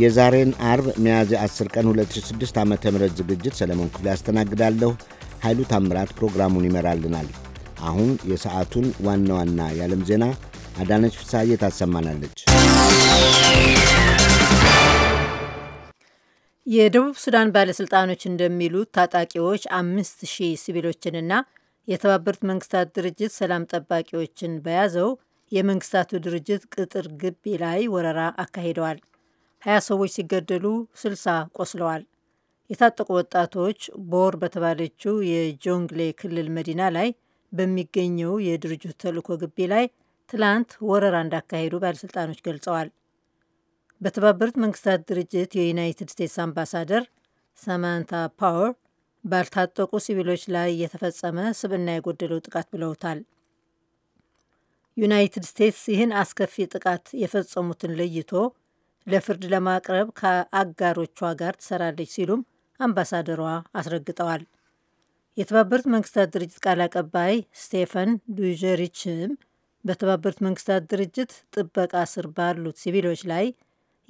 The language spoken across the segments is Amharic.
የዛሬን አርብ ሚያዝያ 10 ቀን 2006 ዓ ም ዝግጅት ሰለሞን ክፍል ያስተናግዳለሁ። ኃይሉ ታምራት ፕሮግራሙን ይመራልናል። አሁን የሰዓቱን ዋና ዋና የዓለም ዜና አዳነች ፍሳዬ ታሰማናለች። የደቡብ ሱዳን ባለሥልጣኖች እንደሚሉት ታጣቂዎች አምስት ሺህ ሲቪሎችንና የተባበሩት መንግስታት ድርጅት ሰላም ጠባቂዎችን በያዘው የመንግስታቱ ድርጅት ቅጥር ግቢ ላይ ወረራ አካሂደዋል። 20 ሰዎች ሲገደሉ 60 ቆስለዋል። የታጠቁ ወጣቶች ቦር በተባለችው የጆንግሌ ክልል መዲና ላይ በሚገኘው የድርጅቱ ተልእኮ ግቢ ላይ ትላንት ወረራ እንዳካሄዱ ባለሥልጣኖች ገልጸዋል። በተባበሩት መንግስታት ድርጅት የዩናይትድ ስቴትስ አምባሳደር ሰማንታ ፓወር ባልታጠቁ ሲቪሎች ላይ የተፈጸመ ስብና የጎደለው ጥቃት ብለውታል። ዩናይትድ ስቴትስ ይህን አስከፊ ጥቃት የፈጸሙትን ለይቶ ለፍርድ ለማቅረብ ከአጋሮቿ ጋር ትሰራለች ሲሉም አምባሳደሯ አስረግጠዋል። የተባበሩት መንግስታት ድርጅት ቃል አቀባይ ስቴፈን ዱጀሪችም በተባበሩት መንግስታት ድርጅት ጥበቃ ስር ባሉት ሲቪሎች ላይ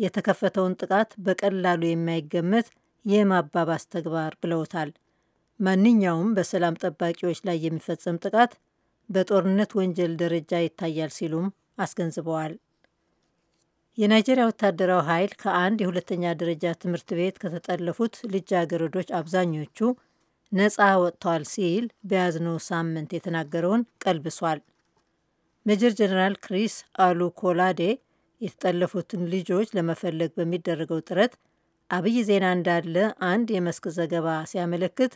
የተከፈተውን ጥቃት በቀላሉ የማይገመት የማባባስ ተግባር ብለውታል። ማንኛውም በሰላም ጠባቂዎች ላይ የሚፈጸም ጥቃት በጦርነት ወንጀል ደረጃ ይታያል ሲሉም አስገንዝበዋል። የናይጄሪያ ወታደራዊ ኃይል ከአንድ የሁለተኛ ደረጃ ትምህርት ቤት ከተጠለፉት ልጃገረዶች አብዛኞቹ ነጻ ወጥተዋል ሲል በያዝነው ሳምንት የተናገረውን ቀልብሷል። ሜጀር ጀነራል ክሪስ አሉ ኮላዴ የተጠለፉትን ልጆች ለመፈለግ በሚደረገው ጥረት አብይ ዜና እንዳለ አንድ የመስክ ዘገባ ሲያመለክት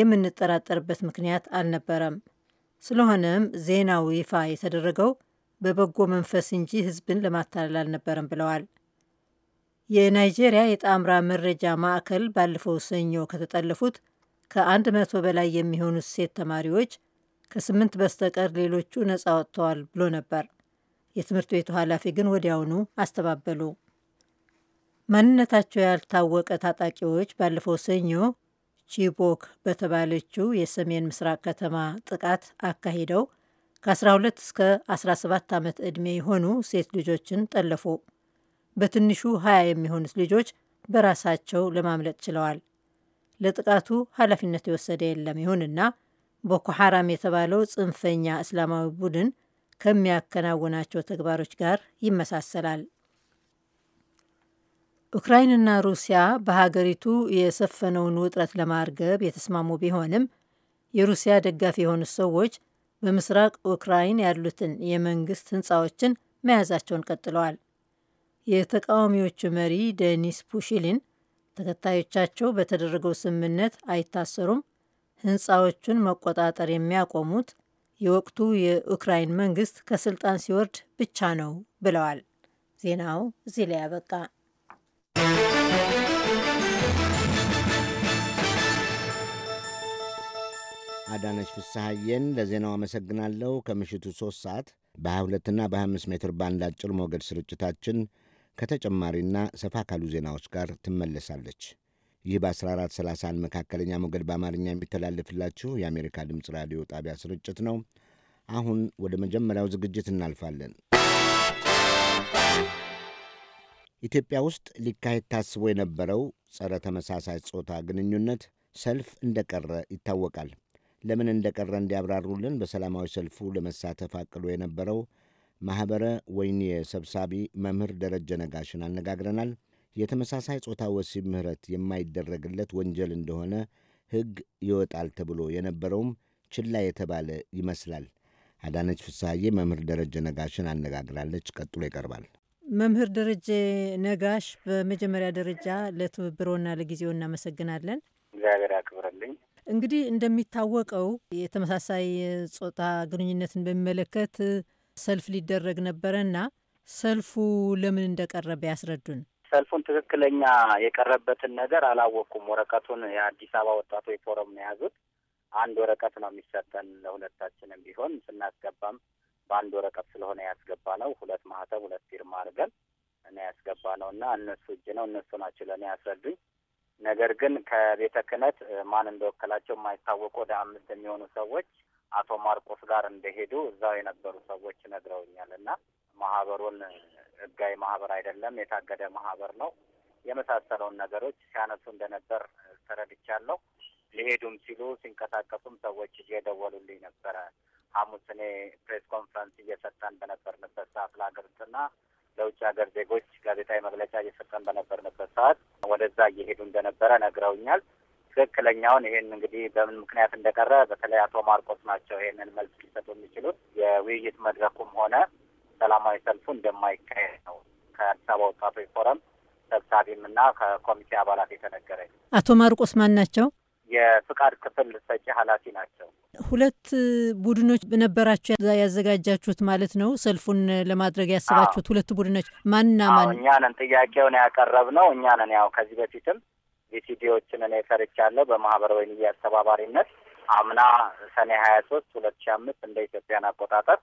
የምንጠራጠርበት ምክንያት አልነበረም። ስለሆነም ዜናው ይፋ የተደረገው በበጎ መንፈስ እንጂ ህዝብን ለማታለል አልነበረም ብለዋል። የናይጄሪያ የጣምራ መረጃ ማዕከል ባለፈው ሰኞ ከተጠለፉት ከአንድ መቶ በላይ የሚሆኑት ሴት ተማሪዎች ከስምንት በስተቀር ሌሎቹ ነጻ ወጥተዋል ብሎ ነበር። የትምህርት ቤቱ ኃላፊ ግን ወዲያውኑ አስተባበሉ። ማንነታቸው ያልታወቀ ታጣቂዎች ባለፈው ሰኞ ቺቦክ በተባለችው የሰሜን ምስራቅ ከተማ ጥቃት አካሂደው ከ12 እስከ 17 ዓመት ዕድሜ የሆኑ ሴት ልጆችን ጠለፉ። በትንሹ 20 የሚሆኑት ልጆች በራሳቸው ለማምለጥ ችለዋል። ለጥቃቱ ኃላፊነት የወሰደ የለም። ይሁንና ቦኮ ሐራም የተባለው ጽንፈኛ እስላማዊ ቡድን ከሚያከናውናቸው ተግባሮች ጋር ይመሳሰላል። ኡክራይንና ሩሲያ በሀገሪቱ የሰፈነውን ውጥረት ለማርገብ የተስማሙ ቢሆንም የሩሲያ ደጋፊ የሆኑት ሰዎች በምስራቅ ኡክራይን ያሉትን የመንግስት ህንፃዎችን መያዛቸውን ቀጥለዋል። የተቃዋሚዎቹ መሪ ደኒስ ፑሽሊን ተከታዮቻቸው በተደረገው ስምምነት አይታሰሩም፣ ህንፃዎቹን መቆጣጠር የሚያቆሙት የወቅቱ የኡክራይን መንግስት ከስልጣን ሲወርድ ብቻ ነው ብለዋል። ዜናው እዚህ ላይ ያበቃ። አዳነች ፍስሐዬን ለዜናው አመሰግናለሁ። ከምሽቱ 3 ሰዓት በ22ና በ25 ሜትር ባንድ አጭር ሞገድ ስርጭታችን ከተጨማሪና ሰፋ ካሉ ዜናዎች ጋር ትመለሳለች። ይህ በ1431 መካከለኛ ሞገድ በአማርኛ የሚተላለፍላችሁ የአሜሪካ ድምፅ ራዲዮ ጣቢያ ስርጭት ነው። አሁን ወደ መጀመሪያው ዝግጅት እናልፋለን። ኢትዮጵያ ውስጥ ሊካሄድ ታስቦ የነበረው ጸረ ተመሳሳይ ጾታ ግንኙነት ሰልፍ እንደቀረ ይታወቃል። ለምን እንደቀረ እንዲያብራሩልን በሰላማዊ ሰልፉ ለመሳተፍ አቅዶ የነበረው ማኅበረ ወይን ሰብሳቢ መምህር ደረጀ ነጋሽን አነጋግረናል። የተመሳሳይ ጾታ ወሲብ ምህረት የማይደረግለት ወንጀል እንደሆነ ሕግ ይወጣል ተብሎ የነበረውም ችላ የተባለ ይመስላል። አዳነች ፍሳዬ መምህር ደረጀ ነጋሽን አነጋግራለች። ቀጥሎ ይቀርባል። መምህር ደረጀ ነጋሽ፣ በመጀመሪያ ደረጃ ለትብብሮና ለጊዜው እናመሰግናለን። እግዚአብሔር ያክብርልኝ። እንግዲህ እንደሚታወቀው የተመሳሳይ ጾታ ግንኙነትን በሚመለከት ሰልፍ ሊደረግ ነበረና ሰልፉ ለምን እንደቀረበ ያስረዱን። ሰልፉን ትክክለኛ የቀረበትን ነገር አላወቅኩም። ወረቀቱን የአዲስ አበባ ወጣቶች ፎረም ነው የያዙት። አንድ ወረቀት ነው የሚሰጠን ለሁለታችንም ቢሆን ስናስገባም በአንድ ወረቀት ስለሆነ ያስገባ ነው። ሁለት ማህተብ ሁለት ፊርማ አድርገን እና ያስገባ ነው እና እነሱ እጅ ነው እነሱ ናቸው ለእኔ ያስረዱኝ። ነገር ግን ከቤተ ክህነት ማን እንደወከላቸው የማይታወቁ ወደ አምስት የሚሆኑ ሰዎች አቶ ማርቆስ ጋር እንደሄዱ እዛው የነበሩ ሰዎች ነግረውኛል። እና ማህበሩን ህጋዊ ማህበር አይደለም፣ የታገደ ማህበር ነው የመሳሰለውን ነገሮች ሲያነሱ እንደነበር ተረድቻለሁ። ሊሄዱም ሲሉ ሲንቀሳቀሱም ሰዎች እየደወሉልኝ ነበረ። ሐሙስ እኔ ፕሬስ ኮንፈረንስ እየሰጠን በነበርንበት ሰዓት ለሀገር ውስጥና ለውጭ ሀገር ዜጎች ጋዜጣዊ መግለጫ እየሰጠን በነበርንበት ሰዓት ወደዛ እየሄዱ እንደነበረ ነግረውኛል። ትክክለኛውን ይህን እንግዲህ በምን ምክንያት እንደቀረ በተለይ አቶ ማርቆስ ናቸው ይህንን መልስ ሊሰጡ የሚችሉት። የውይይት መድረኩም ሆነ ሰላማዊ ሰልፉ እንደማይካሄድ ነው ከአዲስ አበባ ወጣቶች ፎረም ሰብሳቢም እና ከኮሚቴ አባላት የተነገረ። አቶ ማርቆስ ማን ናቸው? የፍቃድ ክፍል ሰጪ ኃላፊ ናቸው። ሁለት ቡድኖች በነበራችሁ ያዘጋጃችሁት ማለት ነው። ሰልፉን ለማድረግ ያስባችሁት ሁለት ቡድኖች ማንና ማን? እኛ ነን ጥያቄውን ያቀረብነው እኛ ነን። ያው ከዚህ በፊትም ቪሲዲዎችን እኔ ሰርቻለሁ በማህበራዊ ሚዲያ አስተባባሪነት አምና ሰኔ ሀያ ሶስት ሁለት ሺ አምስት እንደ ኢትዮጵያን አቆጣጠር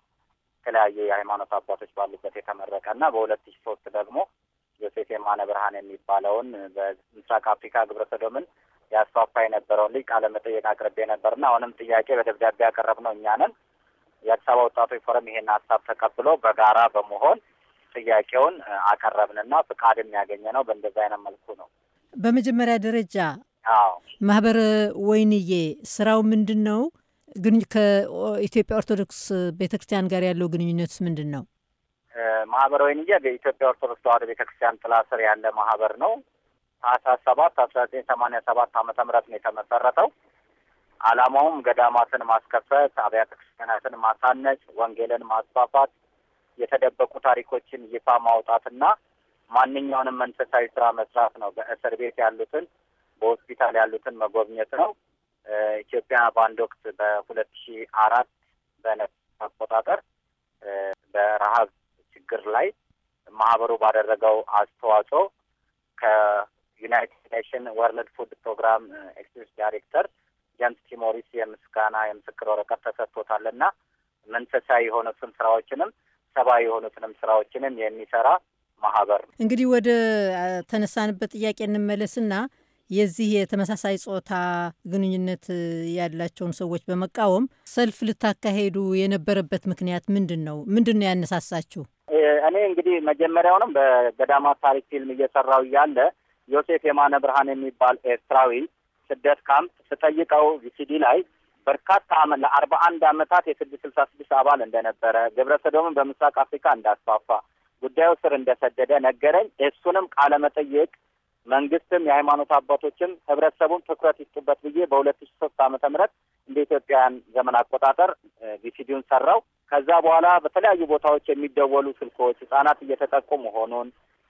የተለያዩ የሃይማኖት አባቶች ባሉበት የተመረቀ እና በሁለት ሺ ሶስት ደግሞ ዮሴፍ የማነ ብርሃን የሚባለውን በምስራቅ አፍሪካ ግብረ ሰዶምን ያስፋፋ የነበረውን ልጅ ቃለ መጠየቅ አቅርቤ ነበርና አሁንም ጥያቄ በደብዳቤ ያቀረብ ነው። እኛንን የአዲስ አበባ ወጣቶች ፎረም ይሄን ሀሳብ ተቀብሎ በጋራ በመሆን ጥያቄውን አቀረብንና ፍቃድም ያገኘ ነው በእንደዛ አይነት መልኩ ነው። በመጀመሪያ ደረጃ ማህበረ ወይንዬ ስራው ምንድን ነው? ከኢትዮጵያ ኦርቶዶክስ ቤተ ክርስቲያን ጋር ያለው ግንኙነትስ ምንድን ነው? ማህበረ ወይንዬ በኢትዮጵያ ኦርቶዶክስ ተዋህዶ ቤተ ክርስቲያን ጥላ ስር ያለ ማህበር ነው። ታህሳስ ሰባት አስራ ዘጠኝ ሰማኒያ ሰባት ዓመተ ምህረት ነው የተመሰረተው። ዓላማውም ገዳማትን ማስከፈት፣ አብያተ ክርስቲያናትን ማሳነጽ፣ ወንጌልን ማስፋፋት፣ የተደበቁ ታሪኮችን ይፋ ማውጣትና ማንኛውንም መንፈሳዊ ስራ መስራት ነው። በእስር ቤት ያሉትን በሆስፒታል ያሉትን መጎብኘት ነው። ኢትዮጵያ በአንድ ወቅት በሁለት ሺ አራት በነፍስ አቆጣጠር በረሀብ ችግር ላይ ማህበሩ ባደረገው አስተዋጽኦ ከ ዩናይትድ ኔሽን ወርልድ ፉድ ፕሮግራም ኤክስኪዩቲቭ ዳይሬክተር ጀምስ ቲሞሪስ የምስጋና የምስክር ወረቀት ተሰጥቶታልና መንፈሳዊ የሆኑትን ስራዎችንም ሰብአዊ የሆኑትንም ስራዎችንም የሚሰራ ማህበር ነው። እንግዲህ ወደ ተነሳንበት ጥያቄ እንመለስና የዚህ የተመሳሳይ ጾታ ግንኙነት ያላቸውን ሰዎች በመቃወም ሰልፍ ልታካሄዱ የነበረበት ምክንያት ምንድን ነው? ምንድን ነው ያነሳሳችሁ? እኔ እንግዲህ መጀመሪያውንም በገዳማ ታሪክ ፊልም እየሰራው እያለ ዮሴፍ የማነ ብርሃን የሚባል ኤርትራዊ ስደት ካምፕ ስጠይቀው ቪሲዲ ላይ በርካታ አመት ለአርባ አንድ አመታት የስድስት ስልሳ ስድስት አባል እንደነበረ ግብረ ሰዶምን በምስራቅ አፍሪካ እንዳስፋፋ ጉዳዩ ስር እንደሰደደ ነገረኝ። እሱንም ቃለ መጠየቅ መንግስትም የሃይማኖት አባቶችም ህብረተሰቡን ትኩረት ይስጡበት ብዬ በሁለት ሺ ሶስት አመተ ምህረት እንደ ኢትዮጵያውያን ዘመን አቆጣጠር ቪሲዲውን ሰራው። ከዛ በኋላ በተለያዩ ቦታዎች የሚደወሉ ስልኮች ህጻናት እየተጠቁ መሆኑን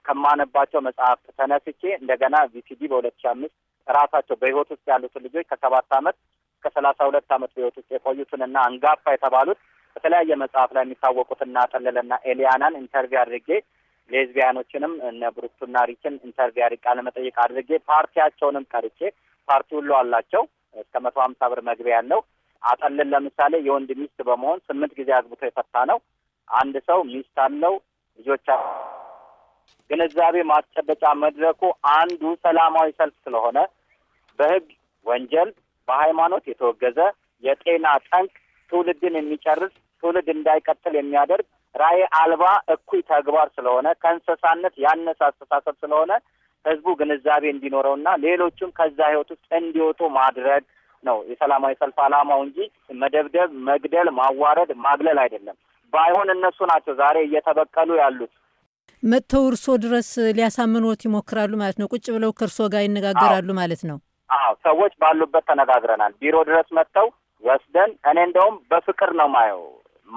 ከማነባቸው መጽሐፍት ተነስቼ እንደገና ቪሲዲ በሁለት ሺ አምስት ራሳቸው በህይወት ውስጥ ያሉትን ልጆች ከሰባት አመት እስከ ሰላሳ ሁለት አመት በህይወት ውስጥ የቆዩትን እና አንጋፋ የተባሉት በተለያየ መጽሐፍ ላይ የሚታወቁትና ጠለለና ኤሊያናን ኢንተርቪው አድርጌ ሌዝቢያኖችንም እነ ብሩክቱና ሪችን ኢንተርቪው አድርጌ ቃለመጠይቅ አድርጌ ፓርቲያቸውንም ቀርቼ ፓርቲ ሁሉ አላቸው እስከ መቶ ሀምሳ ብር መግቢያ ያለው አጠልን ለምሳሌ የወንድ ሚስት በመሆን ስምንት ጊዜ አግብቶ የፈታ ነው። አንድ ሰው ሚስት አለው ልጆች ግንዛቤ ማስጨበጫ መድረኩ አንዱ ሰላማዊ ሰልፍ ስለሆነ በህግ ወንጀል፣ በሃይማኖት የተወገዘ የጤና ጠንቅ፣ ትውልድን የሚጨርስ ትውልድ እንዳይቀጥል የሚያደርግ ራዕይ አልባ እኩይ ተግባር ስለሆነ ከእንስሳነት ያነሰ አስተሳሰብ ስለሆነ ህዝቡ ግንዛቤ እንዲኖረውና ሌሎቹም ከዛ ህይወት ውስጥ እንዲወጡ ማድረግ ነው የሰላማዊ ሰልፍ አላማው እንጂ መደብደብ፣ መግደል፣ ማዋረድ፣ ማግለል አይደለም። ባይሆን እነሱ ናቸው ዛሬ እየተበቀሉ ያሉት መጥተው እርሶ ድረስ ሊያሳምኖት ይሞክራሉ ማለት ነው። ቁጭ ብለው ከእርሶ ጋር ይነጋገራሉ ማለት ነው። አዎ ሰዎች ባሉበት ተነጋግረናል። ቢሮ ድረስ መጥተው ወስደን እኔ እንደውም በፍቅር ነው ማየው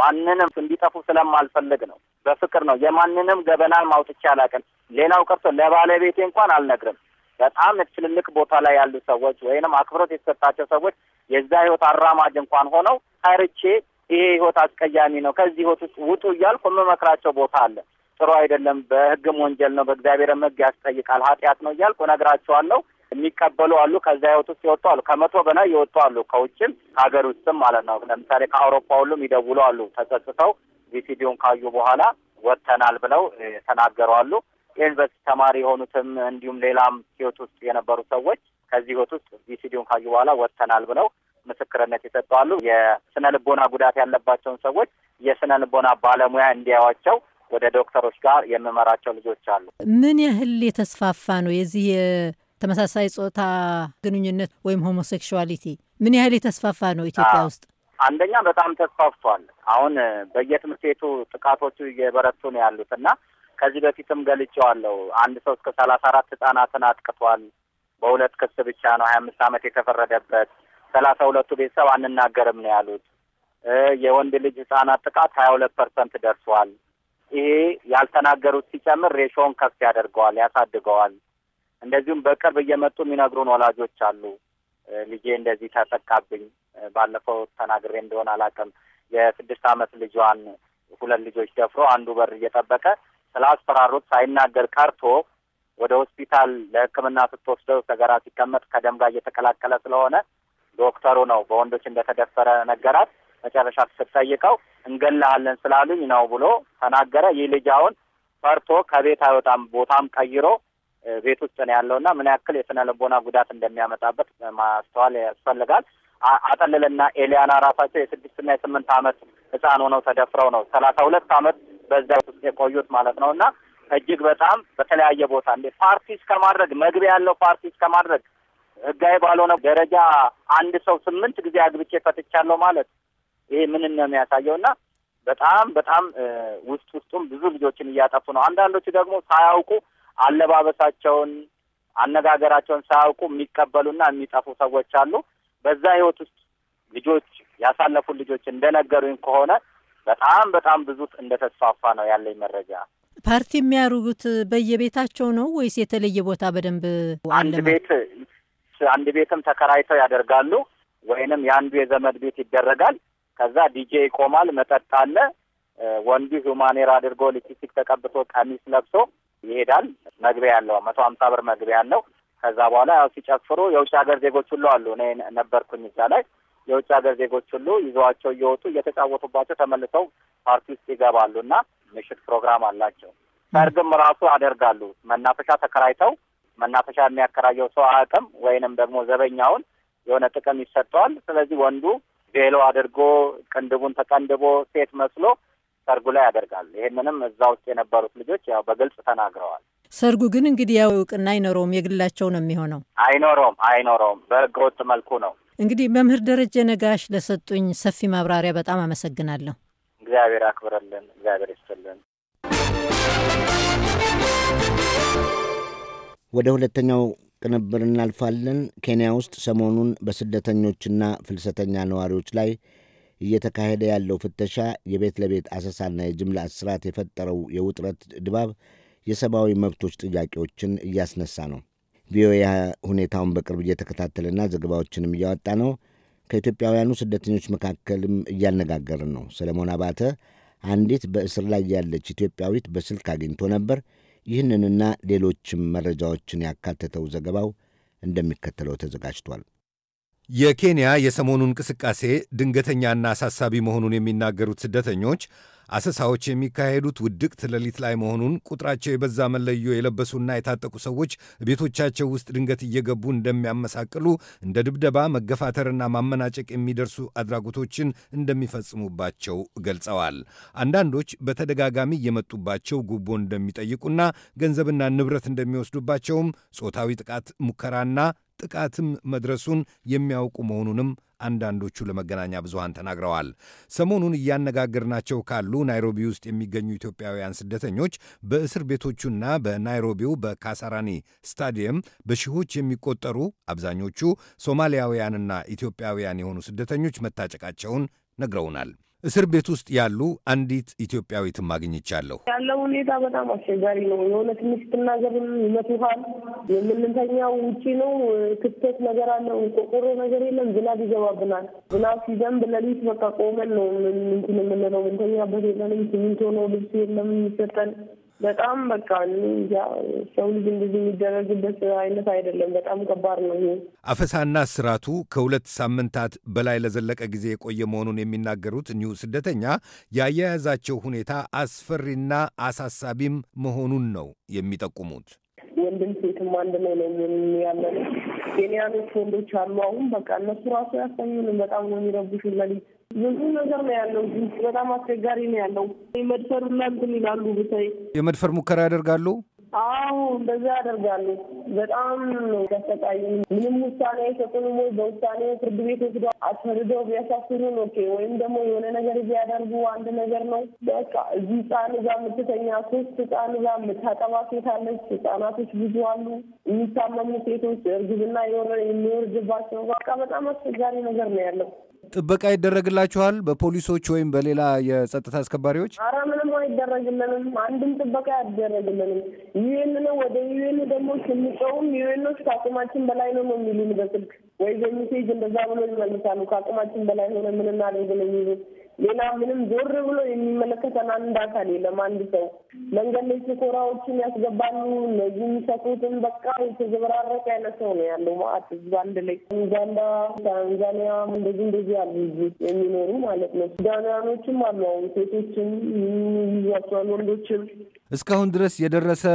ማንንም እንዲጠፉ ስለማልፈልግ ነው። በፍቅር ነው የማንንም ገበና ማውጥቼ አላውቅም። ሌላው ቀርቶ ለባለቤቴ እንኳን አልነግርም። በጣም ትልልቅ ቦታ ላይ ያሉ ሰዎች ወይንም አክብሮት የተሰጣቸው ሰዎች የዛ ህይወት አራማጅ እንኳን ሆነው ጠርቼ ይሄ ህይወት አስቀያሚ ነው፣ ከዚህ ህይወት ውስጥ ውጡ እያልኩ የምመክራቸው ቦታ አለ። ጥሩ አይደለም፣ በህግም ወንጀል ነው፣ በእግዚአብሔርም ህግ ያስጠይቃል፣ ኃጢአት ነው እያልኩ እነግራቸዋለሁ። የሚቀበሉ አሉ። ከዛ ውስጥ ሲወጡ አሉ። ከመቶ በላይ የወጡ አሉ። ከውጭም ከሀገር ውስጥም ማለት ነው። ለምሳሌ ከአውሮፓ ሁሉም ይደውሉ አሉ። ተጸጽተው ቪሲዲዮን ካዩ በኋላ ወጥተናል ብለው የተናገሩ አሉ። የዩኒቨርሲቲ ተማሪ የሆኑትም እንዲሁም ሌላም ህይወት ውስጥ የነበሩ ሰዎች ከዚህ ህይወት ውስጥ ቪሲዲዮን ካዩ በኋላ ወጥተናል ብለው ምስክርነት የሰጡ አሉ። የስነ ልቦና ጉዳት ያለባቸውን ሰዎች የስነ ልቦና ባለሙያ እንዲያዋቸው ወደ ዶክተሮች ጋር የምመራቸው ልጆች አሉ። ምን ያህል የተስፋፋ ነው የዚህ የተመሳሳይ ጾታ ግንኙነት ወይም ሆሞሴክሹዋሊቲ ምን ያህል የተስፋፋ ነው ኢትዮጵያ ውስጥ? አንደኛ በጣም ተስፋፍቷል። አሁን በየትምህርት ቤቱ ጥቃቶቹ እየበረቱ ነው ያሉት እና ከዚህ በፊትም ገልጬዋለሁ። አንድ ሰው እስከ ሰላሳ አራት ህጻናትን አጥቅቷል። በሁለት ክስ ብቻ ነው ሀያ አምስት ዓመት የተፈረደበት። ሰላሳ ሁለቱ ቤተሰብ አንናገርም ነው ያሉት። የወንድ ልጅ ህጻናት ጥቃት ሀያ ሁለት ፐርሰንት ደርሷል። ይሄ ያልተናገሩት ሲጨምር ሬሾውን ከፍ ያደርገዋል፣ ያሳድገዋል። እንደዚሁም በቅርብ እየመጡ የሚነግሩን ወላጆች አሉ። ልጄ እንደዚህ ተጠቃብኝ፣ ባለፈው ተናግሬ እንደሆነ አላውቅም። የስድስት ዓመት ልጇን ሁለት ልጆች ደፍሮ አንዱ በር እየጠበቀ ስላስፈራሩት ሳይናገር ቀርቶ ወደ ሆስፒታል ለሕክምና ስትወስደው ሰገራ ሲቀመጥ ከደም ጋር እየተቀላቀለ ስለሆነ ዶክተሩ ነው በወንዶች እንደተደፈረ ነገራት። መጨረሻ ስትጠይቀው እንገላሃለን ስላሉኝ ነው ብሎ ተናገረ። ይህ ፈርቶ ከቤት አይወጣም፣ ቦታም ቀይሮ ቤት ውስጥ ነው ያለውና ምን ያክል የስነ ልቦና ጉዳት እንደሚያመጣበት ማስተዋል ያስፈልጋል። አጠልልና ኤሊያና ራሳቸው የስድስትና የስምንት ዓመት ህፃን ሆነው ተደፍረው ነው ሰላሳ ሁለት ዓመት በዛ ውስጥ የቆዩት ማለት ነው እና እጅግ በጣም በተለያየ ቦታ እንደ ፓርቲ እስከማድረግ መግቢያ ያለው ፓርቲ እስከማድረግ ህጋዊ ባልሆነ ደረጃ አንድ ሰው ስምንት ጊዜ አግብቼ ፈትቻለሁ ማለት ይሄ ምንን ነው የሚያሳየው? እና በጣም በጣም ውስጥ ውስጡም ብዙ ልጆችን እያጠፉ ነው። አንዳንዶቹ ደግሞ ሳያውቁ አለባበሳቸውን፣ አነጋገራቸውን ሳያውቁ የሚቀበሉና የሚጠፉ ሰዎች አሉ። በዛ ህይወት ውስጥ ልጆች ያሳለፉ ልጆች እንደነገሩኝ ከሆነ በጣም በጣም ብዙ እንደተስፋፋ ነው ያለኝ መረጃ። ፓርቲ የሚያደርጉት በየቤታቸው ነው ወይስ የተለየ ቦታ በደንብ አንድ ቤት አንድ ቤትም ተከራይተው ያደርጋሉ ወይንም የአንዱ የዘመድ ቤት ይደረጋል። ከዛ ዲጄ ይቆማል፣ መጠጥ አለ። ወንዱ ሁማኔር አድርጎ ሊፕስቲክ ተቀብቶ ቀሚስ ለብሶ ይሄዳል። መግቢያ ያለው መቶ ሀምሳ ብር መግቢያ ያለው። ከዛ በኋላ ያው ሲጨፍሩ የውጭ ሀገር ዜጎች ሁሉ አሉ። እኔ ነበርኩኝ እዛ ላይ። የውጭ ሀገር ዜጎች ሁሉ ይዘዋቸው እየወጡ እየተጫወቱባቸው ተመልሰው ፓርቲ ውስጥ ይገባሉ እና ምሽት ፕሮግራም አላቸው። ሰርግም ራሱ አደርጋሉ። መናፈሻ ተከራይተው መናፈሻ የሚያከራየው ሰው አቅም ወይንም ደግሞ ዘበኛውን የሆነ ጥቅም ይሰጠዋል። ስለዚህ ወንዱ ቬሎ አድርጎ ቅንድቡን ተቀንድቦ ሴት መስሎ ሰርጉ ላይ ያደርጋል። ይህንንም እዛ ውስጥ የነበሩት ልጆች ያው በግልጽ ተናግረዋል። ሰርጉ ግን እንግዲህ ያው እውቅና አይኖረውም፣ የግላቸው ነው የሚሆነው። አይኖረውም አይኖረውም፣ በህገወጥ መልኩ ነው። እንግዲህ መምህር ደረጀ ነጋሽ ለሰጡኝ ሰፊ ማብራሪያ በጣም አመሰግናለሁ። እግዚአብሔር አክብረልን፣ እግዚአብሔር ይስጥልን። ወደ ሁለተኛው ቅንብር እናልፋለን። ኬንያ ውስጥ ሰሞኑን በስደተኞችና ፍልሰተኛ ነዋሪዎች ላይ እየተካሄደ ያለው ፍተሻ፣ የቤት ለቤት አሰሳና የጅምላ እስራት የፈጠረው የውጥረት ድባብ የሰብአዊ መብቶች ጥያቄዎችን እያስነሳ ነው። ቪኦኤ ሁኔታውን በቅርብ እየተከታተለና ዘገባዎችንም እያወጣ ነው። ከኢትዮጵያውያኑ ስደተኞች መካከልም እያነጋገርን ነው። ሰለሞን አባተ አንዲት በእስር ላይ ያለች ኢትዮጵያዊት በስልክ አግኝቶ ነበር። ይህንንና ሌሎችም መረጃዎችን ያካተተው ዘገባው እንደሚከተለው ተዘጋጅቷል። የኬንያ የሰሞኑ እንቅስቃሴ ድንገተኛና አሳሳቢ መሆኑን የሚናገሩት ስደተኞች አሰሳዎች የሚካሄዱት ውድቅት ሌሊት ላይ መሆኑን ቁጥራቸው የበዛ መለዮ የለበሱና የታጠቁ ሰዎች ቤቶቻቸው ውስጥ ድንገት እየገቡ እንደሚያመሳቅሉ፣ እንደ ድብደባ፣ መገፋተርና ማመናጨቅ የሚደርሱ አድራጎቶችን እንደሚፈጽሙባቸው ገልጸዋል። አንዳንዶች በተደጋጋሚ እየመጡባቸው ጉቦ እንደሚጠይቁና ገንዘብና ንብረት እንደሚወስዱባቸውም ጾታዊ ጥቃት ሙከራና ጥቃትም መድረሱን የሚያውቁ መሆኑንም አንዳንዶቹ ለመገናኛ ብዙሃን ተናግረዋል። ሰሞኑን እያነጋገርናቸው ካሉ ናይሮቢ ውስጥ የሚገኙ ኢትዮጵያውያን ስደተኞች በእስር ቤቶቹና በናይሮቢው በካሳራኒ ስታዲየም በሺዎች የሚቆጠሩ አብዛኞቹ ሶማሊያውያንና ኢትዮጵያውያን የሆኑ ስደተኞች መታጨቃቸውን ነግረውናል። እስር ቤት ውስጥ ያሉ አንዲት ኢትዮጵያዊትም አግኝቻለሁ። ያለው ሁኔታ በጣም አስቸጋሪ ነው። የሆነ ትንሽ ስትናገርም ይመቱሃል። የምንተኛው ውጪ ነው። ክፍተት ነገር አለ ቆቆሮ ነገር የለም። ዝናብ ይገባብናል። ዝናብ ሲዘንብ ለሊት በቃ ቆመን ነው እንትን የምንለው። ምንተኛበት የለንም። ሲሚንቶ ነው። ልብስ የለም የሚሰጠን በጣም በቃ ሰው ልጅ እንደዚህ የሚደረግበት አይነት አይደለም። በጣም ከባድ ነው አፈሳና ስራቱ ከሁለት ሳምንታት በላይ ለዘለቀ ጊዜ የቆየ መሆኑን የሚናገሩት ኒው ስደተኛ ያያያዛቸው ሁኔታ አስፈሪና አሳሳቢም መሆኑን ነው የሚጠቁሙት። ወንድም ሴትም አንድ ላይ ነው ያለ ነው። ኬንያኖች ወንዶች አሉ። አሁን በቃ እነሱ ራሱ ያሰኙንም በጣም ነው የሚረብሹ ለሊት ብዙ ነገር ነው ያለው። በጣም አስቸጋሪ ነው ያለው። የመድፈር እናንትን ይላሉ ብታይ የመድፈር ሙከራ ያደርጋሉ። አዎ እንደዛ ያደርጋሉ። በጣም ነው ያሰቃዩ። ምንም ውሳኔ አይሰጡንም። ወይ በውሳኔ ፍርድ ቤት ወስዶ አስፈርደው ቢያሳስሩን ኦኬ፣ ወይም ደግሞ የሆነ ነገር ቢያደርጉ አንድ ነገር ነው በቃ። እዚህ ህፃን እዛ የምትተኛ ሶስት ህፃን እዛ የምታጠባ ሴት አለች። ህፃናቶች ብዙ አሉ፣ የሚታመሙ ሴቶች፣ እርግዝና የወረ የሚወርድባቸው በቃ በጣም አስቸጋሪ ነገር ነው ያለው። ጥበቃ ይደረግላችኋል በፖሊሶች ወይም በሌላ የጸጥታ አስከባሪዎች? ኧረ ምንም አይደረግልንም። አንድም ጥበቃ አይደረግልንም። ዩኤን ነው። ወደ ዩኤኑ ደግሞ ስንጮውም ዩኤኖች ከአቅማችን በላይ ነው ነው የሚሉን በስልክ ወይ በሚሴጅ እንደዛ ብሎ ይመልሳሉ። ከአቅማችን በላይ ሆነ ምን እናደርግ ነው የሚሉት። ሌላ ምንም ዞር ብሎ የሚመለከተን አንድ አካል የለም። አንድ ሰው መንገድ ላይ ሲኮራዎችን ያስገባሉ። እነዚህ የሚሰጡትን በቃ የተዘበራረቀ አይነት ሰው ነው ያለው። ማአት እዚ አንድ ላይ ኡጋንዳ፣ ታንዛኒያ እንደዚህ እንደዚህ ያሉ የሚኖሩ ማለት ነው። ሱዳንያኖችም አሉ። አሁን ሴቶችም ይዟቸዋል፣ ወንዶችም እስካሁን ድረስ የደረሰ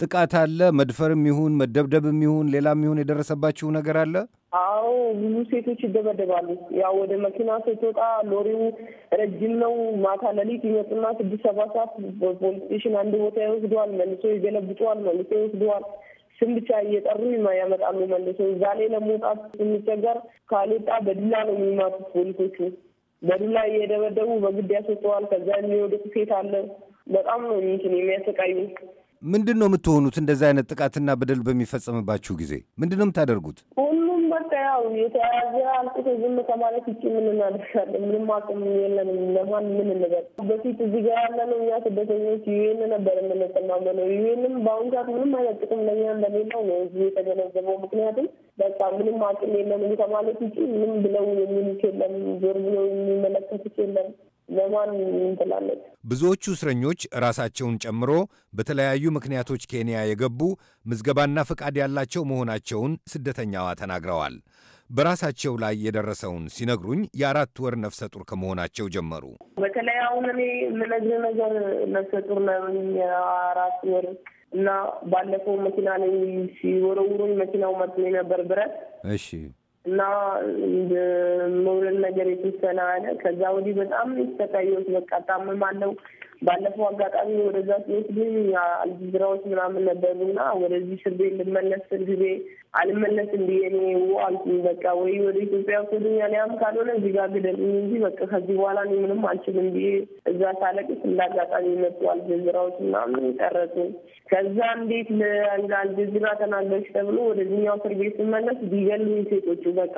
ጥቃት አለ? መድፈርም ይሁን መደብደብም ይሁን ሌላም ይሁን የደረሰባችሁ ነገር አለ? አዎ፣ ብዙ ሴቶች ይደበደባሉ። ያው ወደ መኪና ስትወጣ ሎሪው ረጅም ነው። ማታ ለሊት ይመጡና ስድስት ሰባት ሰዓት በፖሊስ ስቴሽን አንድ ቦታ ይወስደዋል፣ መልሶ ይገለብጠዋል፣ መልሶ ይወስደዋል። ስም ብቻ እየጠሩ ያመጣሉ መልሶ። እዛ ላይ ለመውጣት የሚቸገር ካልወጣ በዱላ ነው የሚማቱት ፖሊሶቹ። በዱላ እየደበደቡ በግድ ያስወጠዋል። ከዛ የሚወደቁ ሴት አለ በጣም ነው እንትን የሚያሰቃዩ። ምንድን ነው የምትሆኑት? እንደዚህ አይነት ጥቃትና በደል በሚፈጸምባችሁ ጊዜ ምንድን ነው የምታደርጉት? ሁሉም በቃ ያው የተያዘ አልቁቶ ዝም ከማለት ውጭ ምን እናደርጋለን? ምንም አቅም የለንም። ለማን ምን እንበል? በፊት እዚህ ጋር ያለነው እኛ ስደተኞች ዩኤን ነበር የምንጠማመነው። ዩኤንም በአሁኑ ሰዓት ምንም አይነት ጥቅም ለኛ እንደሌለው ነው እዚ የተገነዘበው። ምክንያቱም በቃ ምንም አቅም የለንም ከማለት ውጭ ምንም ብለው የሚሉት የለም። ዞር ብለው የሚመለከቱት የለም። ለማን ብዙዎቹ እስረኞች ራሳቸውን ጨምሮ በተለያዩ ምክንያቶች ኬንያ የገቡ ምዝገባና ፈቃድ ያላቸው መሆናቸውን ስደተኛዋ ተናግረዋል። በራሳቸው ላይ የደረሰውን ሲነግሩኝ የአራት ወር ነፍሰ ጡር ከመሆናቸው ጀመሩ። በተለይ አሁን እኔ የምነግርህ ነገር ነፍሰ ጡር ነኝ የአራት ወር እና ባለፈው መኪና ላይ ሲወረውሩኝ መኪናው መጥሎ ነበር ብረት። እሺ እና መውለድ ነገር የተወሰነ አለ። ከዛ ወዲህ በጣም ተሰቃየሁት። በቃ ታምማለሁ ባለፈው አጋጣሚ ወደዛ ሲወስድ አልጅዝራዎች ምናምን ነበሩ እና ወደዚህ እስር ቤት ልመለስ ስል ጊዜ አልመለስም ብዬ እኔ አልኩኝ። በቃ ወይ ወደ ኢትዮጵያ ወሰዱኛል፣ ያም ካልሆነ እዚህ ጋር ግደሉኝ እንጂ በቃ ከዚህ በኋላ እኔ ምንም አልችልም ብዬ እዛ ሳለቅስ እንደ አጋጣሚ መጡ አልጅዝራዎች ምናምን ቀረጡ። ከዛ እንዴት ለአልጅዝራ ተናገርሽ ተብሎ ወደዚህኛው እስር ቤት ስመለስ ቢገሉኝ ሴቶቹ በቃ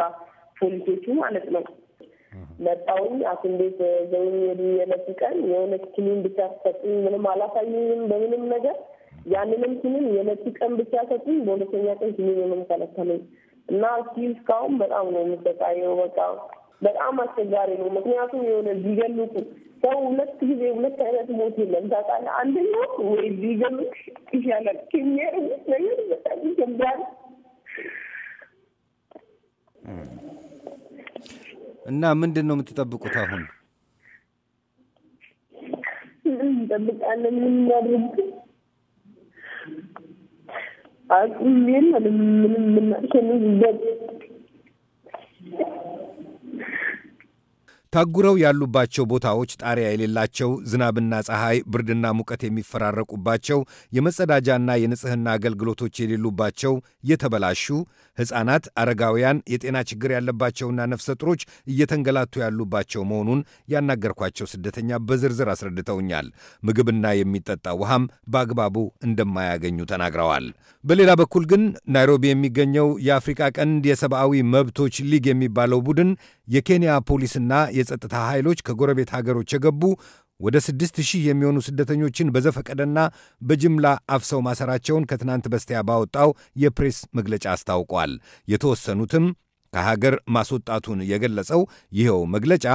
ፖሊሶቹ ማለት ነው መጣውኝ አኩን ቤት ዘውን የዱ የለት ቀን የሆነ ክኒን ብቻ ሰጡኝ። ምንም አላሳዩኝም በምንም ነገር። ያንንም ክኒን የለት ቀን ብቻ ሰጡኝ። በሁለተኛ ቀን ክኒንንም ከለከሉኝ እና እስኪ እስካሁን በጣም ነው የምሰቃየው። በቃ በጣም አስቸጋሪ ነው። ምክንያቱም የሆነ ቢገሉት ሰው ሁለት ጊዜ ሁለት አይነት ሞት የለም ታውቃለህ። አንደኛው ወይ ቢገሉት ይሻላል ኬሚያ ነገር በጣም ይከብዳል። እና ምንድን ነው የምትጠብቁት አሁን? እንጠብቃለን። ምን እናድርግ? አቅም የለም ምንም ምናሸንበት ታጉረው ያሉባቸው ቦታዎች ጣሪያ የሌላቸው፣ ዝናብና ፀሐይ፣ ብርድና ሙቀት የሚፈራረቁባቸው፣ የመጸዳጃና የንጽህና አገልግሎቶች የሌሉባቸው፣ የተበላሹ፣ ሕፃናት፣ አረጋውያን፣ የጤና ችግር ያለባቸውና ነፍሰ ጥሮች እየተንገላቱ ያሉባቸው መሆኑን ያናገርኳቸው ስደተኛ በዝርዝር አስረድተውኛል። ምግብና የሚጠጣ ውሃም በአግባቡ እንደማያገኙ ተናግረዋል። በሌላ በኩል ግን ናይሮቢ የሚገኘው የአፍሪቃ ቀንድ የሰብአዊ መብቶች ሊግ የሚባለው ቡድን የኬንያ ፖሊስና የጸጥታ ኃይሎች ከጎረቤት ሀገሮች የገቡ ወደ ስድስት ሺህ የሚሆኑ ስደተኞችን በዘፈቀደና በጅምላ አፍሰው ማሰራቸውን ከትናንት በስቲያ ባወጣው የፕሬስ መግለጫ አስታውቋል። የተወሰኑትም ከሀገር ማስወጣቱን የገለጸው ይኸው መግለጫ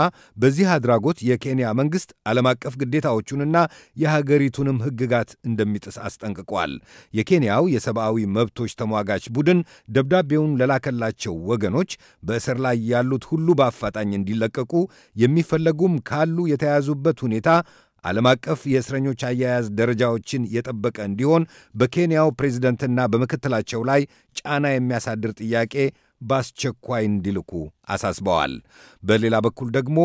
በዚህ አድራጎት የኬንያ መንግሥት ዓለም አቀፍ ግዴታዎቹንና የሀገሪቱንም ሕግጋት እንደሚጥስ አስጠንቅቋል። የኬንያው የሰብአዊ መብቶች ተሟጋች ቡድን ደብዳቤውን ለላከላቸው ወገኖች በእስር ላይ ያሉት ሁሉ በአፋጣኝ እንዲለቀቁ፣ የሚፈለጉም ካሉ የተያዙበት ሁኔታ ዓለም አቀፍ የእስረኞች አያያዝ ደረጃዎችን የጠበቀ እንዲሆን በኬንያው ፕሬዝደንትና በምክትላቸው ላይ ጫና የሚያሳድር ጥያቄ በአስቸኳይ እንዲልኩ አሳስበዋል። በሌላ በኩል ደግሞ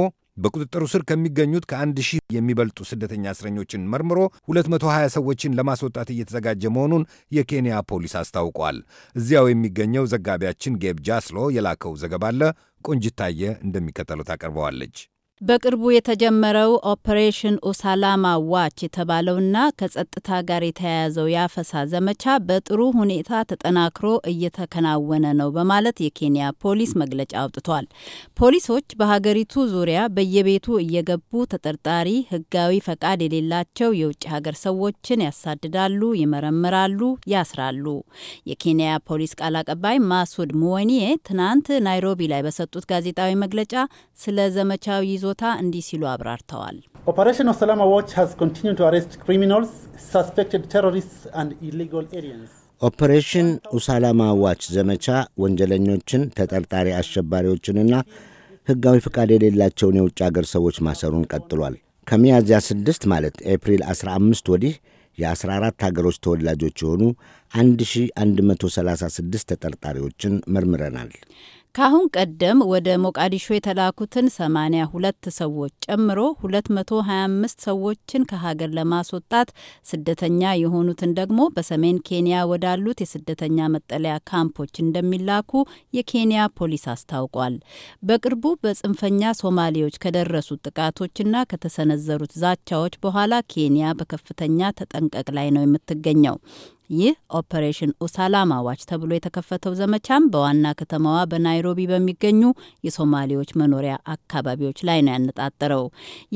በቁጥጥሩ ስር ከሚገኙት ከአንድ ሺህ የሚበልጡ ስደተኛ እስረኞችን መርምሮ 220 ሰዎችን ለማስወጣት እየተዘጋጀ መሆኑን የኬንያ ፖሊስ አስታውቋል። እዚያው የሚገኘው ዘጋቢያችን ጌብ ጃስሎ የላከው ዘገባ አለ። ቆንጅታየ እንደሚከተለው ታቀርበዋለች። በቅርቡ የተጀመረው ኦፕሬሽን ኦሳላማ ዋች የተባለውና ከጸጥታ ጋር የተያያዘው የአፈሳ ዘመቻ በጥሩ ሁኔታ ተጠናክሮ እየተከናወነ ነው በማለት የኬንያ ፖሊስ መግለጫ አውጥቷል። ፖሊሶች በሀገሪቱ ዙሪያ በየቤቱ እየገቡ ተጠርጣሪ ሕጋዊ ፈቃድ የሌላቸው የውጭ ሀገር ሰዎችን ያሳድዳሉ፣ ይመረምራሉ፣ ያስራሉ። የኬንያ ፖሊስ ቃል አቀባይ ማሱድ ሙወኒዬ ትናንት ናይሮቢ ላይ በሰጡት ጋዜጣዊ መግለጫ ስለ ዘመቻው ይዞ ይዞታ እንዲህ ሲሉ አብራርተዋል። ኦፐሬሽን ሰላማ ዋች ሃዝ ኮንቲኒው ቱ አሬስት ክሪሚናልስ ሰስፔክትድ ቴሮሪስትስ አንድ ኢሊጋል ኦፐሬሽን ኡሳላማ ዋች ዘመቻ ወንጀለኞችን፣ ተጠርጣሪ አሸባሪዎችንና ሕጋዊ ፍቃድ የሌላቸውን የውጭ አገር ሰዎች ማሰሩን ቀጥሏል። ከሚያዝያ 6 ማለት ኤፕሪል 15 ወዲህ የ14 ሀገሮች ተወላጆች የሆኑ 1136 ተጠርጣሪዎችን መርምረናል። ከአሁን ቀደም ወደ ሞቃዲሾ የተላኩትን 82 ሰዎች ጨምሮ 225 ሰዎችን ከሀገር ለማስወጣት ስደተኛ የሆኑትን ደግሞ በሰሜን ኬንያ ወዳሉት የስደተኛ መጠለያ ካምፖች እንደሚላኩ የኬንያ ፖሊስ አስታውቋል። በቅርቡ በጽንፈኛ ሶማሌዎች ከደረሱት ጥቃቶችና ከተሰነዘሩት ዛቻዎች በኋላ ኬንያ በከፍተኛ ተጠንቀቅ ላይ ነው የምትገኘው። ይህ ኦፐሬሽን ኡሳላማ ዋች ተብሎ የተከፈተው ዘመቻም በዋና ከተማዋ በናይሮቢ በሚገኙ የሶማሌዎች መኖሪያ አካባቢዎች ላይ ነው ያነጣጠረው።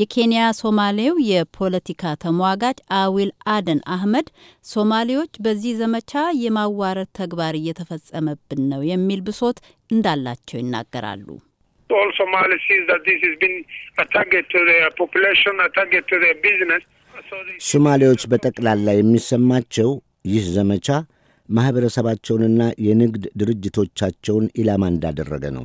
የኬንያ ሶማሌው የፖለቲካ ተሟጋጅ አዊል አደን አህመድ ሶማሌዎች በዚህ ዘመቻ የማዋረድ ተግባር እየተፈጸመብን ነው የሚል ብሶት እንዳላቸው ይናገራሉ። ሶማሌዎች በጠቅላላ የሚሰማቸው ይህ ዘመቻ ማኅበረሰባቸውንና የንግድ ድርጅቶቻቸውን ኢላማ እንዳደረገ ነው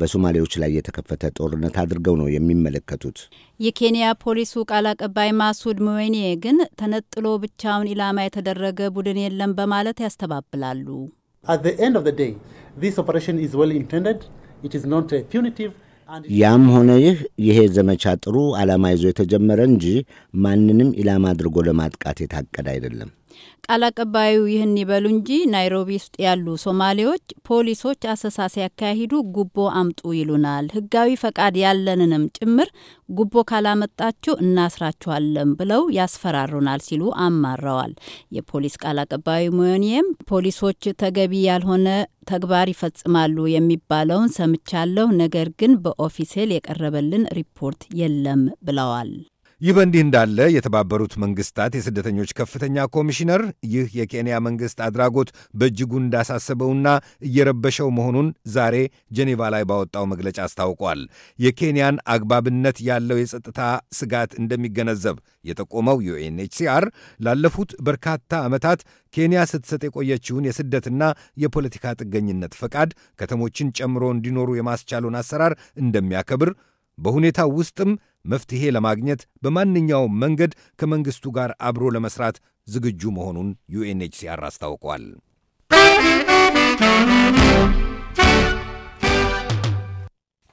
በሶማሌዎች ላይ የተከፈተ ጦርነት አድርገው ነው የሚመለከቱት። የኬንያ ፖሊሱ ቃል አቀባይ ማሱድ ሙዌኔ ግን ተነጥሎ ብቻውን ኢላማ የተደረገ ቡድን የለም በማለት ያስተባብላሉ። ያም ሆነ ይህ ይሄ ዘመቻ ጥሩ ዓላማ ይዞ የተጀመረ እንጂ ማንንም ኢላማ አድርጎ ለማጥቃት የታቀደ አይደለም። ቃል አቀባዩ ይህን ይበሉ እንጂ ናይሮቢ ውስጥ ያሉ ሶማሌዎች ፖሊሶች አሰሳ ሲያካሂዱ ጉቦ አምጡ ይሉናል፣ ህጋዊ ፈቃድ ያለንንም ጭምር ጉቦ ካላመጣችሁ እናስራችኋለን ብለው ያስፈራሩናል ሲሉ አማረዋል። የፖሊስ ቃል አቀባዩ ሞዮኒየም ፖሊሶች ተገቢ ያልሆነ ተግባር ይፈጽማሉ የሚባለውን ሰምቻለሁ፣ ነገር ግን በኦፊሴል የቀረበልን ሪፖርት የለም ብለዋል። ይህ በእንዲህ እንዳለ የተባበሩት መንግስታት የስደተኞች ከፍተኛ ኮሚሽነር ይህ የኬንያ መንግስት አድራጎት በእጅጉ እንዳሳሰበውና እየረበሸው መሆኑን ዛሬ ጄኔቫ ላይ ባወጣው መግለጫ አስታውቋል። የኬንያን አግባብነት ያለው የጸጥታ ስጋት እንደሚገነዘብ የጠቆመው ዩኤንኤችሲአር ላለፉት በርካታ ዓመታት ኬንያ ስትሰጥ የቆየችውን የስደትና የፖለቲካ ጥገኝነት ፈቃድ ከተሞችን ጨምሮ እንዲኖሩ የማስቻሉን አሰራር እንደሚያከብር በሁኔታው ውስጥም መፍትሄ ለማግኘት በማንኛውም መንገድ ከመንግሥቱ ጋር አብሮ ለመስራት ዝግጁ መሆኑን ዩኤንኤችሲአር አስታውቋል።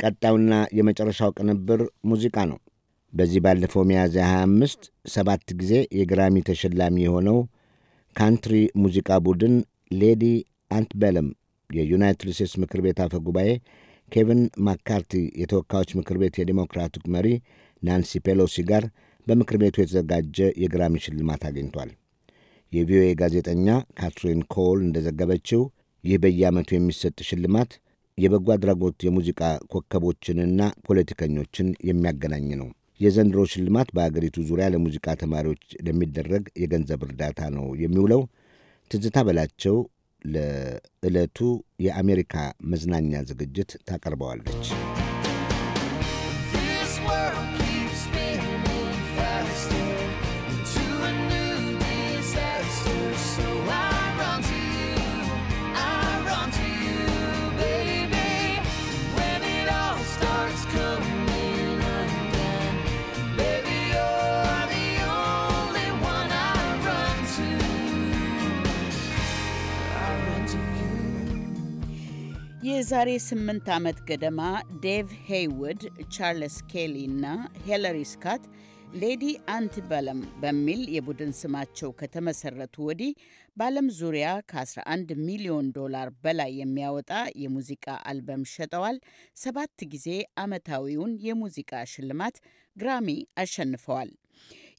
ቀጣዩና የመጨረሻው ቅንብር ሙዚቃ ነው። በዚህ ባለፈው ሚያዝያ 25 ሰባት ጊዜ የግራሚ ተሸላሚ የሆነው ካንትሪ ሙዚቃ ቡድን ሌዲ አንትበለም የዩናይትድ ስቴትስ ምክር ቤት አፈ ጉባኤ ኬቪን ማካርቲ የተወካዮች ምክር ቤት የዴሞክራቲክ መሪ ናንሲ ፔሎሲ ጋር በምክር ቤቱ የተዘጋጀ የግራሚ ሽልማት አግኝቷል። የቪኦኤ ጋዜጠኛ ካትሪን ኮል እንደዘገበችው ይህ በየዓመቱ የሚሰጥ ሽልማት የበጎ አድራጎት የሙዚቃ ኮከቦችንና ፖለቲከኞችን የሚያገናኝ ነው። የዘንድሮ ሽልማት በአገሪቱ ዙሪያ ለሙዚቃ ተማሪዎች ለሚደረግ የገንዘብ እርዳታ ነው የሚውለው። ትዝታ በላቸው ለዕለቱ የአሜሪካ መዝናኛ ዝግጅት ታቀርበዋለች። የዛሬ ስምንት ዓመት ገደማ ዴቭ ሄይውድ፣ ቻርልስ ኬሊ እና ሄለሪ ስካት ሌዲ አንቲበለም በሚል የቡድን ስማቸው ከተመሰረቱ ወዲህ በዓለም ዙሪያ ከ11 ሚሊዮን ዶላር በላይ የሚያወጣ የሙዚቃ አልበም ሸጠዋል። ሰባት ጊዜ ዓመታዊውን የሙዚቃ ሽልማት ግራሚ አሸንፈዋል።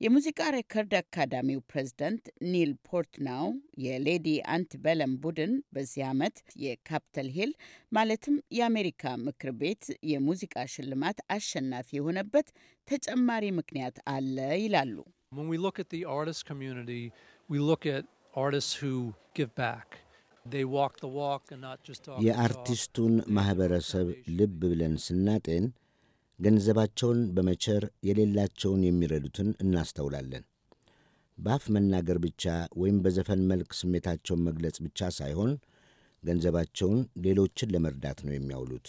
የሙዚቃ ሬከርድ አካዳሚው ፕሬዝዳንት ኒል ፖርትናው የሌዲ አንት በለም ቡድን በዚህ ዓመት የካፕተል ሂል ማለትም የአሜሪካ ምክር ቤት የሙዚቃ ሽልማት አሸናፊ የሆነበት ተጨማሪ ምክንያት አለ ይላሉ። የአርቲስቱን ማህበረሰብ ልብ ብለን ስናጤን ገንዘባቸውን በመቸር የሌላቸውን የሚረዱትን እናስተውላለን። በአፍ መናገር ብቻ ወይም በዘፈን መልክ ስሜታቸውን መግለጽ ብቻ ሳይሆን ገንዘባቸውን ሌሎችን ለመርዳት ነው የሚያውሉት።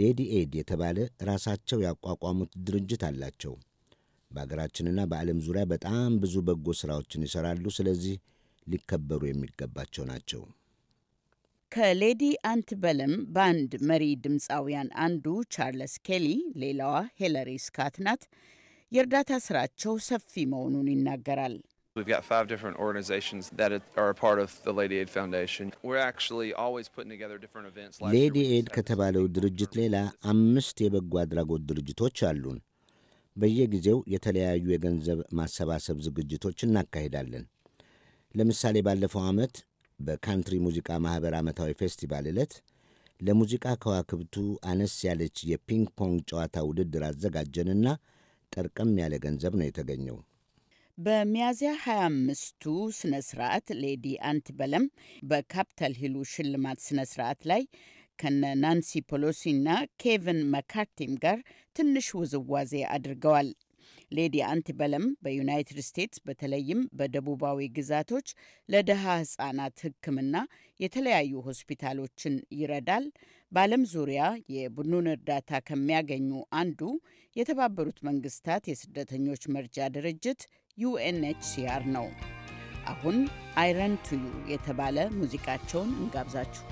ሌዲ ኤድ የተባለ ራሳቸው ያቋቋሙት ድርጅት አላቸው። በአገራችንና በዓለም ዙሪያ በጣም ብዙ በጎ ሥራዎችን ይሠራሉ። ስለዚህ ሊከበሩ የሚገባቸው ናቸው። ከሌዲ አንትበለም ባንድ መሪ ድምፃውያን አንዱ ቻርለስ ኬሊ፣ ሌላዋ ሂለሪ ስካት ናት። የእርዳታ ስራቸው ሰፊ መሆኑን ይናገራል። ሌዲ ኤድ ከተባለው ድርጅት ሌላ አምስት የበጎ አድራጎት ድርጅቶች አሉን። በየጊዜው የተለያዩ የገንዘብ ማሰባሰብ ዝግጅቶች እናካሂዳለን። ለምሳሌ ባለፈው ዓመት በካንትሪ ሙዚቃ ማኅበር ዓመታዊ ፌስቲቫል ዕለት ለሙዚቃ ከዋክብቱ አነስ ያለች የፒንግ ፖንግ ጨዋታ ውድድር አዘጋጀንና ጠርቅም ያለ ገንዘብ ነው የተገኘው። በሚያዝያ 25ቱ ስነ ስርዓት ሌዲ አንቲበለም በካፒታል ሂሉ ሽልማት ስነ ስርዓት ላይ ከነ ናንሲ ፖሎሲና ኬቪን መካርቲም ጋር ትንሽ ውዝዋዜ አድርገዋል። ሌዲ አንቲበለም በዩናይትድ ስቴትስ በተለይም በደቡባዊ ግዛቶች ለድሃ ህጻናት ሕክምና የተለያዩ ሆስፒታሎችን ይረዳል። በዓለም ዙሪያ የቡድኑን እርዳታ ከሚያገኙ አንዱ የተባበሩት መንግስታት የስደተኞች መርጃ ድርጅት ዩኤንኤችሲአር ነው። አሁን አይረን ቱዩ የተባለ ሙዚቃቸውን እንጋብዛችሁ።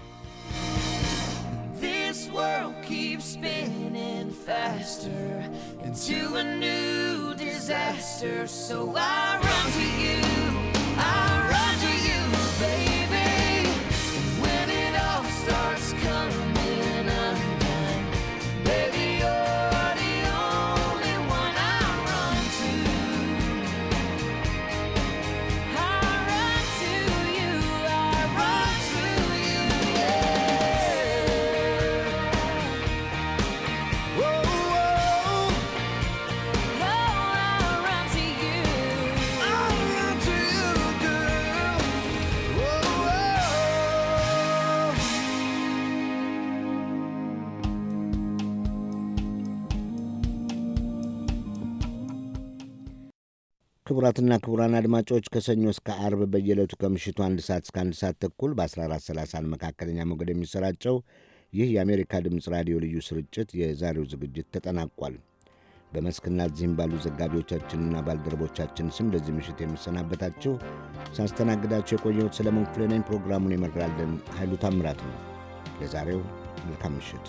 world keeps spinning faster into a new disaster. So I run to you. ክቡራትና ክቡራን አድማጮች ከሰኞ እስከ አርብ በየዕለቱ ከምሽቱ አንድ ሰዓት እስከ አንድ ሰዓት ተኩል በ1430 መካከለኛ ሞገድ የሚሰራጨው ይህ የአሜሪካ ድምፅ ራዲዮ ልዩ ስርጭት የዛሬው ዝግጅት ተጠናቋል። በመስክና እዚህም ባሉ ዘጋቢዎቻችንና ባልደረቦቻችን ስም ለዚህ ምሽት የምሰናበታችሁ ሳስተናግዳችሁ የቆየሁት ሰለሞን ክፍሌ ነኝ። ፕሮግራሙን የመራልን ኃይሉ ታምራት ነው። ለዛሬው መልካም ምሽት።